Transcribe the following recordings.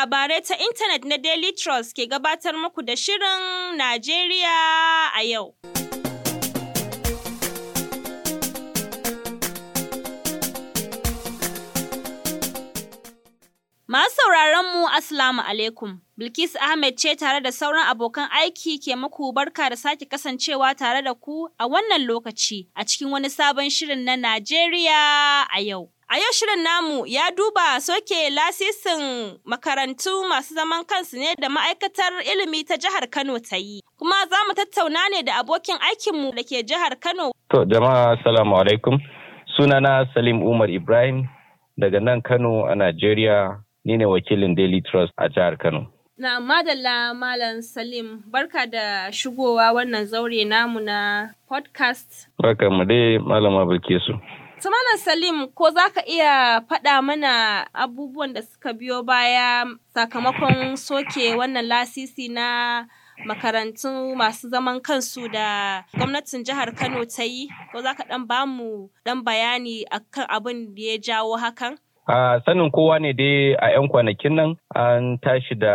labarai ta intanet na Daily Trust ke gabatar muku da Shirin Najeriya a yau. Masu sauraron mu Assalamu alaikum. Bilkis Ahmed ce tare da sauran abokan aiki ke muku barka da sake kasancewa tare da ku a wannan lokaci a cikin wani sabon shirin na Najeriya a yau. A yau shirin namu ya duba soke lasisin makarantu masu zaman kansu ne da ma'aikatar ilimi ta jihar Kano ta yi. Kuma za mu tattauna ne da abokin aikinmu da ke jihar Kano. To jama'a Salamu alaikum. Sunana Salim Umar Ibrahim daga nan Kano a Najeriya ni ne wakilin Daily Trust a jihar Kano. Na madalla Malam Salim, barka da shigowa wannan zaure namu na podcast. Barka mu dai Malama Bilkisu. Tumanan Salim ko za ka iya faɗa mana abubuwan da suka biyo baya sakamakon soke wannan lasisi na makarantu masu zaman kansu da gwamnatin jihar Kano ta yi ko za ka ɗan bamu ɗan bayani kan abin da ya jawo hakan? A sanin kowa ne dai a 'yan kwanakin nan an tashi da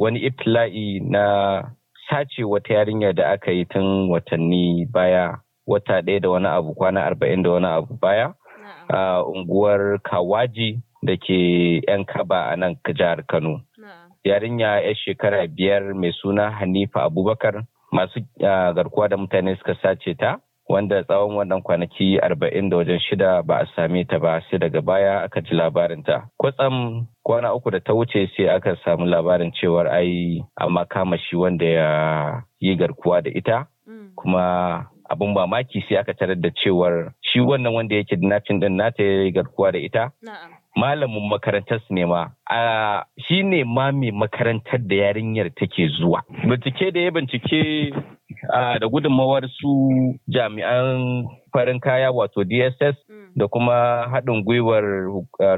wani itila'i na sace wata yarinya da aka yi tun watanni baya wata ɗaya da wani abu kwana arba'in da wani abu baya a unguwar kawaji da ke 'yan kaba a nan jihar kano yarinya 'yar shekara biyar mai suna hanifa abubakar masu garkuwa da mutane suka sace ta wanda tsawon wannan kwanaki arba'in da wajen shida ba a same ta ba sai daga baya aka ji labarin ta. kwatsam kwana uku da ta wuce sai aka samu labarin cewar ai amma kama shi wanda ya yi garkuwa da ita mm. kuma abin mamaki sai aka tarar da cewar shi wannan wanda yake nafin din nata ya yi garkuwa da ita malamin makarantar su ne ma shi ne ma mai makarantar da yarinyar take zuwa bincike da ya bincike da gudunmawar su jami'an farin kaya wato dss da kuma haɗin gwiwar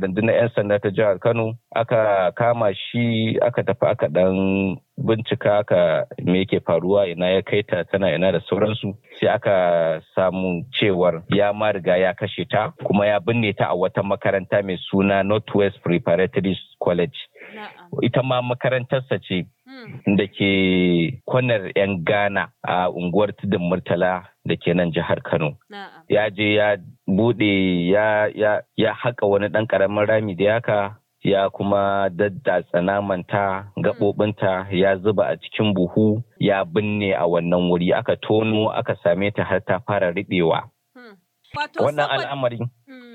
rundunar 'yan sanda ta jihar kano aka kama shi aka tafi aka ɗan bincika aka me yake faruwa ina ya kai ta tana ina da sauransu sai aka samu cewar ya ma riga ya kashe ta kuma ya binne ta a wata makaranta mai suna northwest preparatory college ita ma makarantarsa ce hmm. da ke kwanar 'yan Ghana a unguwar Tudun Murtala da ke nan jihar Kano. Ya je ya bude ya haƙa wani ɗan ƙaramin rami da yaka ya kuma daddatsa namanta hmm. gaɓoɓinta ya zuba a cikin buhu ya binne a wannan wuri aka tono aka same ta har ta fara riɓewa. Hmm. Wannan al'amari.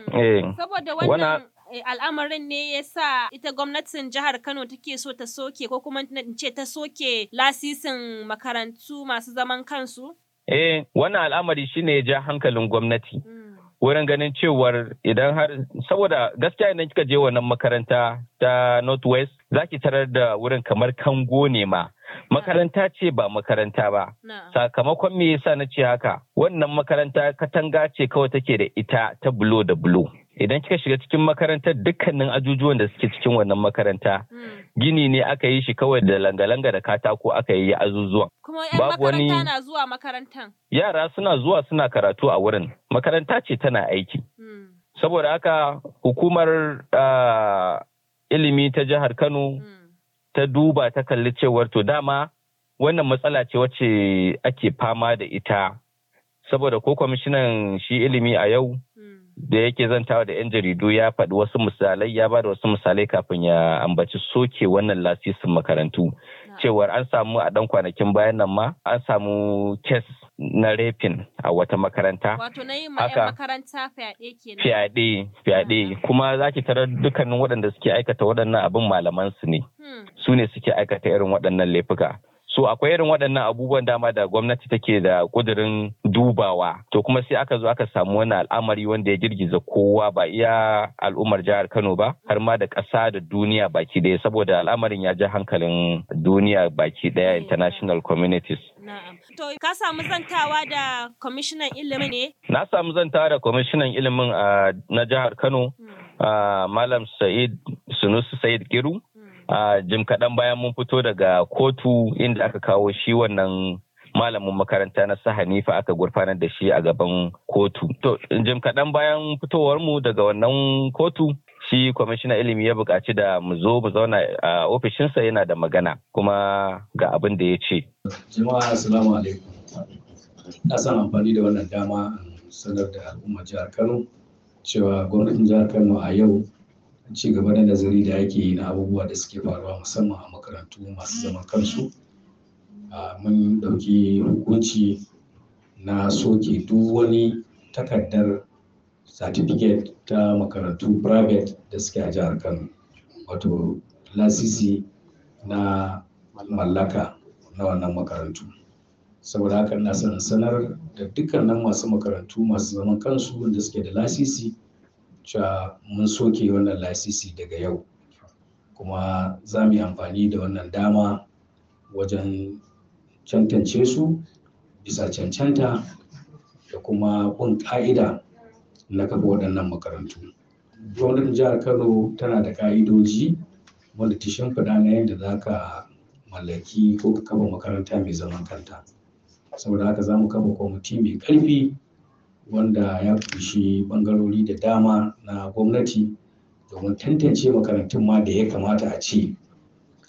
Eh, saboda wannan Eh, al'amarin ne ya sa ita gwamnatin jihar Kano take so ta soke ko kuma in ce ta soke lasisin makarantu masu zaman kansu? Eh, wannan al'amari shine ya ja hankalin gwamnati. Hmm. Wurin ganin cewar idan har saboda gaskiya idan kika je wannan makaranta ta Northwest za ki tarar da wurin kamar kango ne ma. Hmm. Makaranta ce ba makaranta ba. Sakamakon me yasa na ce haka? Wannan makaranta katanga ce kawai take da ita ta bulo da bulo. idan kika shiga cikin makarantar dukkanin ajujuwan da suke cikin wannan makaranta hmm. gini ne aka yi shi kawai da langa-langa da katako aka yi azuzuwan babu wani yara suna zuwa suna karatu a wurin makaranta ce tana aiki hmm. saboda haka hukumar ilimi ta jihar kano hmm. ta duba ta kalli cewar to dama wannan matsala ce wacce ake fama da ita saboda ko kwamishinan shi ilimi a yau da yake zantawa da 'yan jaridu ya faɗi wasu misalai ya ba da wasu misalai kafin ya ambaci soke wannan lasisin makarantu cewar an samu a ɗan kwanakin bayan nan ma an samu kes na rafin a wata makaranta. Wato na makaranta fyaɗe nan Fyaɗe, fyaɗe. Kuma za ki tarar dukkanin waɗanda suke aikata waɗannan abin malaman su ne. Hmm. Su ne suke aikata irin waɗannan laifuka. So akwai irin waɗannan abubuwan dama da gwamnati take da ƙudurin dubawa. To kuma sai aka zo aka samu wani al'amari wanda ya girgiza kowa ba iya al'ummar jihar Kano ba har ma da ƙasa da duniya baki ɗaya saboda al'amarin ya ji hankalin duniya baki ɗaya eh, international communities. To ka samu zantawa da kwamishinan ilimi ne? Na samu zantawa da kwamishinan ilimin ah, na jihar Kano, hmm. ah, Malam Sa'id Sunusu Sa'id Kiru. jim kaɗan bayan mun fito daga kotu inda aka kawo shi wannan malamin makaranta na su Hanifa aka gurfanar da shi a gaban kotu. To, jim kaɗan bayan fitowar mu daga wannan kotu, shi kwamishina ilimi ya buƙaci da mu zo mu zauna a ofishinsa yana da magana kuma ga abin da ya ce. Jama'a assalamu alaikum. Na san amfani da wannan dama sanar da al'umma jihar Kano cewa gwamnatin jihar Kano a yau ci gaba da nazari da ake yi na abubuwa da suke faruwa musamman a makarantu masu zaman kansu mun ɗauki hukunci na soke duk wani takardar certificate ta makarantu private da suke a jihar kano wato lasisi na mallaka na wannan makarantu saboda haka na sanar da dukkanin masu makarantu masu zaman kansu wanda suke da lasisi cewa mun soke wannan lasisi daga yau kuma za mu yi amfani da wannan dama wajen cancance su bisa cancanta da kuma bin ƙa'ida na kafa waɗannan makarantu gwamnatin jihar kano tana da ƙa'idoji wanda ta shimfiɗa na yadda za ka mallaki ko ka kafa makaranta mai zaman kanta saboda haka za mu kafa kwamiti mai ƙarfi wanda ya kunshi bangarori da dama na gwamnati domin tantance makarantun ma da ya kamata a ce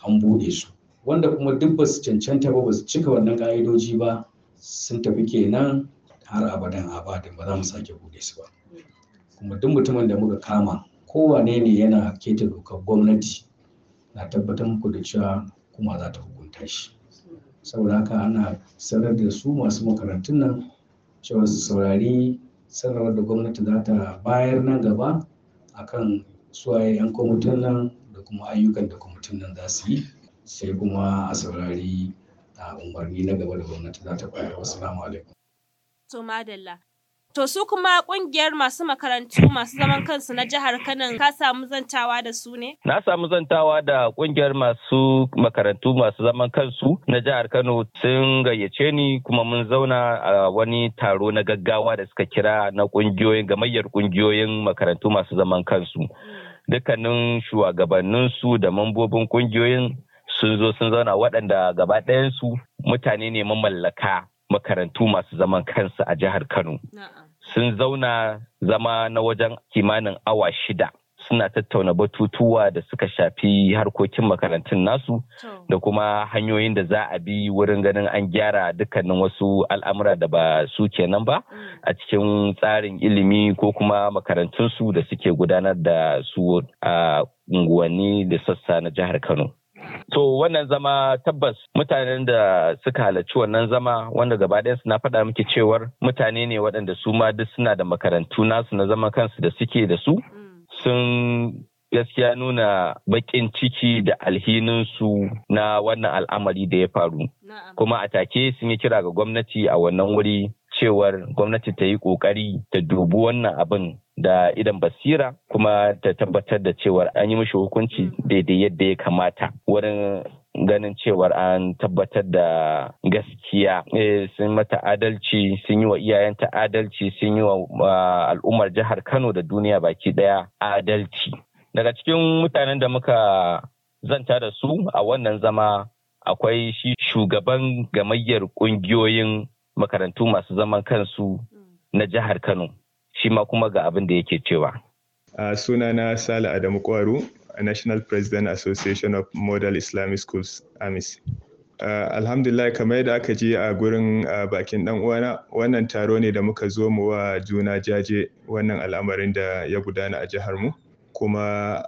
an buɗe su wanda kuma duk ba su cancanta ba ba su cika wannan ƙa'idoji ba sun tafi kenan har abadan abadin ba za mu sake buɗe su ba kuma duk mutumin da muka kama kowane ne yana keta dokar gwamnati na tabbatar muku da cewa kuma za ta hukunta shi saboda haka ana sanar da su masu makarantun nan cewa su saurari sanarwar da gwamnati za ta bayar nan gaba akan suwaye 'yan kwamitin nan da kuma ayyukan da kwamitin nan za su yi sai kuma a saurari a umarni na gaba da gwamnati za ta bayar wasu alaikum. to madalla To su kuma kungiyar masu makarantu masu zaman kansu na jihar Kano ka samu zantawa da su ne? Na samu zantawa da kungiyar masu makarantu masu zaman kansu na jihar Kano sun gayyace ni kuma mun zauna a wani taro na gaggawa da suka kira na kungiyoyin gamayyar kungiyoyin makarantu masu zaman kansu. Dukkanin shugabanninsu da mambobin kungiyoyin sun zo sun zauna waɗanda gaba ɗayansu mutane ne mamallaka makarantu masu zaman kansu a jihar Kano. sun zauna zama na wajen kimanin awa shida suna tattauna batutuwa da suka shafi harkokin makarantun nasu da kuma hanyoyin da za a bi wurin ganin an gyara dukkanin wasu al'amura da ba su kenan ba mm. a cikin tsarin ilimi ko kuma makarantunsu da suke gudanar da su a unguwanni da sassa na jihar kano To wannan zama tabbas mutanen da suka halarci wannan zama wanda gaba ɗayansu na faɗa miki cewar mutane ne waɗanda su ma duk suna da makarantu nasu na zama kansu da suke da su sun gaskiya nuna baƙin ciki da alhininsu na wannan al'amari da ya faru. Kuma a take sun yi kira ga gwamnati a wannan wuri cewar gwamnati ta yi kokari ta dubi wannan abin da idan basira kuma ta tabbatar da cewar an yi mishi hukunci daidai yadda ya kamata wurin ganin cewar an tabbatar da gaskiya eh, sun mata adalci sun yi wa iyayenta adalci sun yi wa al'ummar jihar kano da duniya baki daya adalci daga cikin mutanen da muka zanta da su a wannan zama akwai shi shugaban gamayyar kungiyoyin makarantu masu zaman kansu na jihar Kano shi ma kuma ga abin da yake cewa. A sunana Sale Adamu Kwaru, National President Association of Model Islamic Schools, AMIS. Uh, alhamdulillah kamar yadda aka je a gurin uh, bakin ɗan uwana wannan taro ne da muka zo mu wa juna jaje wannan al'amarin da ya gudana a jihar mu kuma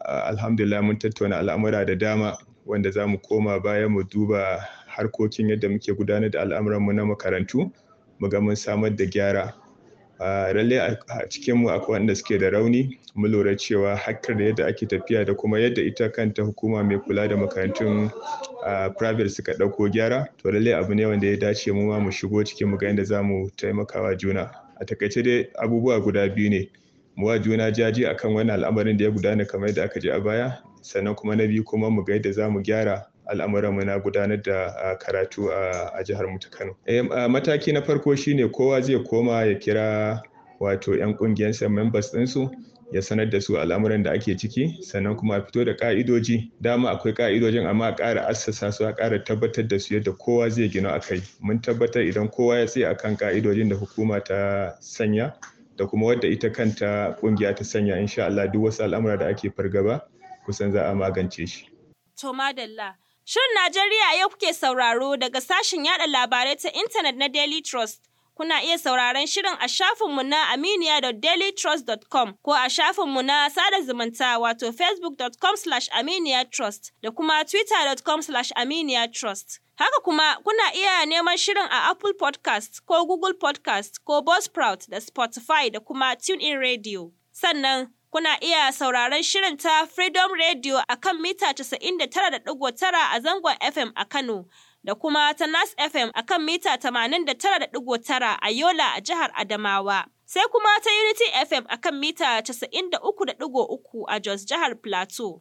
uh, alhamdulillah mun tattauna al'amura da dama wanda za mu koma baya mu duba harkokin yadda muke gudanar da al'amuranmu na makarantu mu ga mun samar da gyara lalle a cikin mu akwai wanda suke da rauni mu lura cewa hakkar da yadda ake tafiya da kuma yadda ita kanta hukuma mai kula da makarantun private suka ɗauko gyara to lalle abu ne wanda ya dace mu ma mu shigo cikin mu ga yadda za mu taimakawa juna a takaice dai abubuwa guda biyu ne mu wa juna jaji akan wannan al'amarin da ya gudana kamar yadda aka je a baya sannan kuma na biyu kuma mu ga yadda za mu gyara mu na gudanar da karatu a jihar mu ta Kano. Eh, mataki na farko shine kowa zai koma ya kira wato 'yan sa members ɗinsu ya sanar da su al'amuran da ake ciki sannan kuma a fito da ka'idoji dama akwai ka'idojin amma a ƙara assasa su a ƙara tabbatar da su yadda kowa zai gina a kai mun tabbatar idan kowa ya tsaye akan ka'idojin da hukuma ta sanya da kuma wadda ita kanta ƙungiya ta sanya insha Allah duk wasu al'amura da ake fargaba kusan za a magance shi. To madalla Shirin Najeriya yau kuke sauraro daga sashen yada labarai ta intanet na Daily Trust. Kuna iya sauraron shirin a shafinmu na aminiya.dailytrust.com ko a shafinmu na sada zumunta wato facebook.com slash aminiya_trust da kuma twitter.com slash aminiya_trust. Haka kuma kuna iya neman shirin a Apple podcast ko Google podcast ko Buzzsprout da Spotify da kuma TuneIn Radio. Sannan Kuna iya sauraron shirin ta Freedom Radio a kan mita 99.9 a zangon FM a Kano da kuma ta Nas FM a kan mita 89.9 a Yola a jihar Adamawa. Sai kuma ta Unity FM a kan mita 93.3 a Jos jihar Plateau.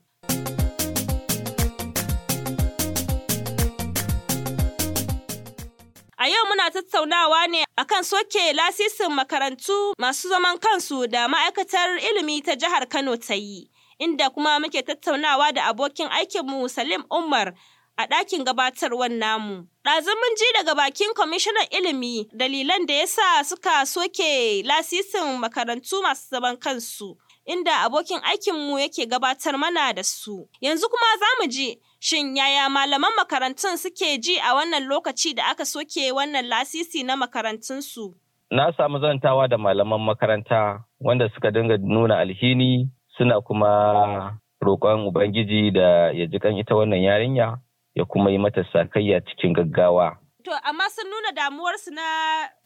A yau muna tattaunawa ne akan soke lasisin makarantu masu zaman kansu da ma'aikatar ilimi ta jihar Kano ta yi, inda kuma muke tattaunawa da abokin aikinmu Salim Umar a ɗakin gabatar namu. Ɗazun mun ji daga bakin kwamishinan ilimi dalilan da ya sa suka soke lasisin makarantu masu zaman kansu, inda abokin aikinmu yake gabatar mana da su. Yanzu kuma za mu ji Shin yaya malaman makarantun suke ji a wannan lokaci da aka soke wannan lasisi na makarantunsu? Na samu zantawa da malaman makaranta wanda suka dinga nuna alhini suna kuma roƙon Ubangiji da ya ji kan ita wannan yarinya ya kuma yi mata sakayya cikin gaggawa. To amma sun nuna damuwarsu na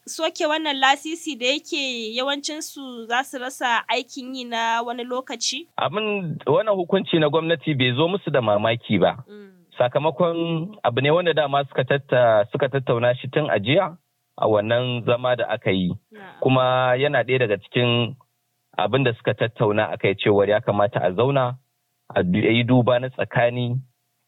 soke wannan lasisi da yake yawancinsu za su rasa aikin yi na wani lokaci? Abin wannan hukunci na gwamnati bai zo musu da mamaki ba. Mm. Sakamakon abu ne wanda dama suka tattauna shi tun ajiya a wannan zama da aka yi. Kuma yana ɗaya daga cikin abin da suka tattauna a kai cewar ya kamata a zauna a yi duba na tsakani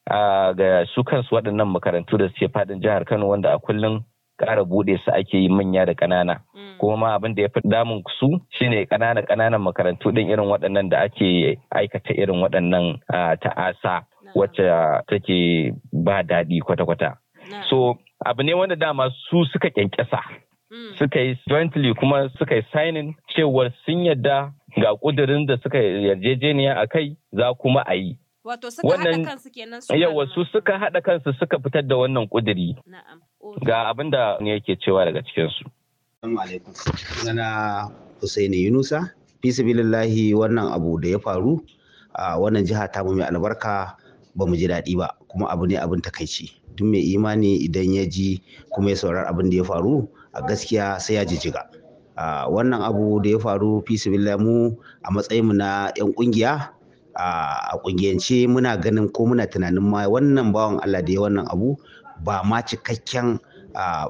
ga su kansu waɗannan makarantu da suke faɗin jihar Kano wanda a kullum ƙara buɗe su ake yi manya da ƙanana. Mm. Kuma ma abin da ya fi damun su shine ƙanana ƙananan makarantu ɗin irin waɗannan da ake aikata irin waɗannan ta'asa wacce take ba daɗi kwata-kwata. So abu ne wanda dama su suka kyankyasa. Mm. Suka yi jointly kuma suka yi signing cewar sun yarda ga ƙudurin da suka yarjejeniya a kai za kuma a yi. Wato suka haɗa kansu kenan su Yawa su suka haɗa kansu suka fitar da wannan ƙudiri. Ga abin da ne yake cewa daga cikinsu. Assalamu alaikum. Sunana Husaini Yunusa. Fi wannan abu da ya faru a wannan jiha ta mai albarka ba mu ji daɗi ba kuma abu ne abin takaici. Tun mai imani idan ya ji kuma ya saurar abin da ya faru a gaskiya sai ya jijjiga. Uh, wannan abu da ya faru fi mu a mu na 'yan kungiya a kungiyance muna ganin ko muna tunanin ma wannan bawan Allah da ya wannan abu ba ma cikakken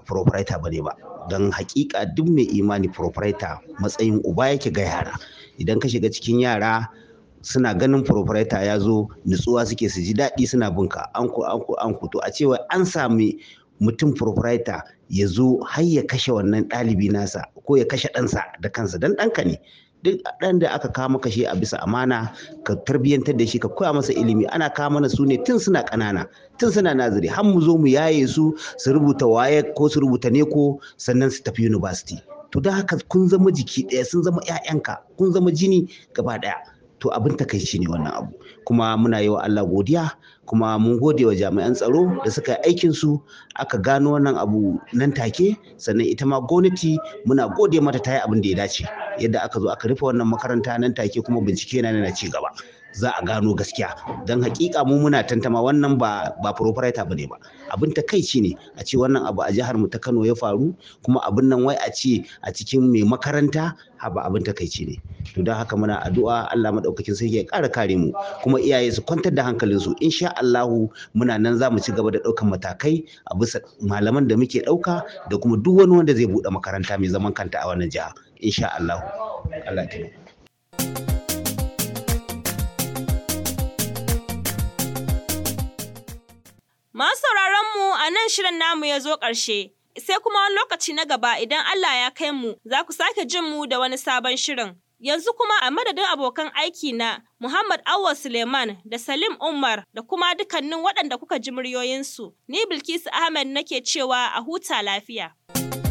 proprietor ne ba don hakika duk mai imani proprietor matsayin uba yake ga yara idan ka shiga cikin yara suna ganin proprietor ya zo nutsuwa suke su ji daɗi suna an an ku an ku to a cewa an sami mutum proprietor ya zo har ya kashe wannan ɗalibi nasa ko ya kashe ɗansa da kansa don ɗanka ne duk ɗan da aka kama kashe a bisa amana ka tarbiyyantar da shi ka koya masa ilimi ana kama mana su ne tun suna ƙanana tun suna naziri har mu zo mu yaye su su rubuta waye ko su rubuta ne ko sannan su tafi university to da haka kun zama jiki ɗaya sun zama 'ya'yanka kun zama jini gaba ɗaya to abin takaici ne wannan abu kuma muna yi wa Allah godiya kuma mun gode wa jami'an tsaro da suka yi aikin su aka gano wannan abu nan take sannan ita ma gwamnati muna gode mata ta yi abin da ya dace yadda aka zo aka rufe wannan makaranta nan take kuma bincike na na ci gaba za a gano gaskiya don hakika mu muna tantama wannan ba ba proprietor bane ba abin ta takaici ne a ce wannan abu a jihar mu ta Kano ya faru kuma abin nan wai a ce a cikin mai makaranta haba abin ta takaici ne to don haka muna addu'a Allah madaukakin sarki ya ƙara kare mu kuma iyaye su kwantar da hankalin su insha Allah muna nan za mu ci gaba da ɗaukan matakai a bisa malaman da muke ɗauka da kuma duk wani wanda zai buɗe makaranta mai zaman kanta a wannan jiha insha Allah Allah ya mu a nan shirin namu ya zo ƙarshe. Sai kuma wani lokaci na gaba idan Allah ya kai mu za ku sake jin mu da wani sabon shirin. Yanzu kuma a madadin abokan aiki na Muhammad Awwa Suleiman da Salim Umar da kuma dukkanin waɗanda kuka ji muryoyinsu, ni Bilkisu Ahmed nake cewa a huta lafiya.